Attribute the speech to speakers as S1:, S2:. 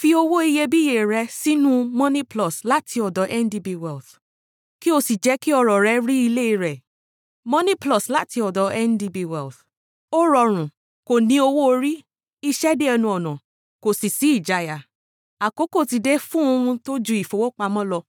S1: Fi owó iyebíye rẹ sínú MoneyPlus láti ọ̀dọ̀ NDB Wealth, kí o sì jẹ́ kí ọrọ̀ rẹ rí ilé rẹ̀. MoneyPlus láti ọ̀dọ̀ NDB Wealth. Ó rọrùn, kò ní owó orí, iṣẹ́ dé ẹnu ọ̀nà, kò sì sí ìjayà. Àkókò ti dé fún ohun tó ju ìfowópamọ́ lọ.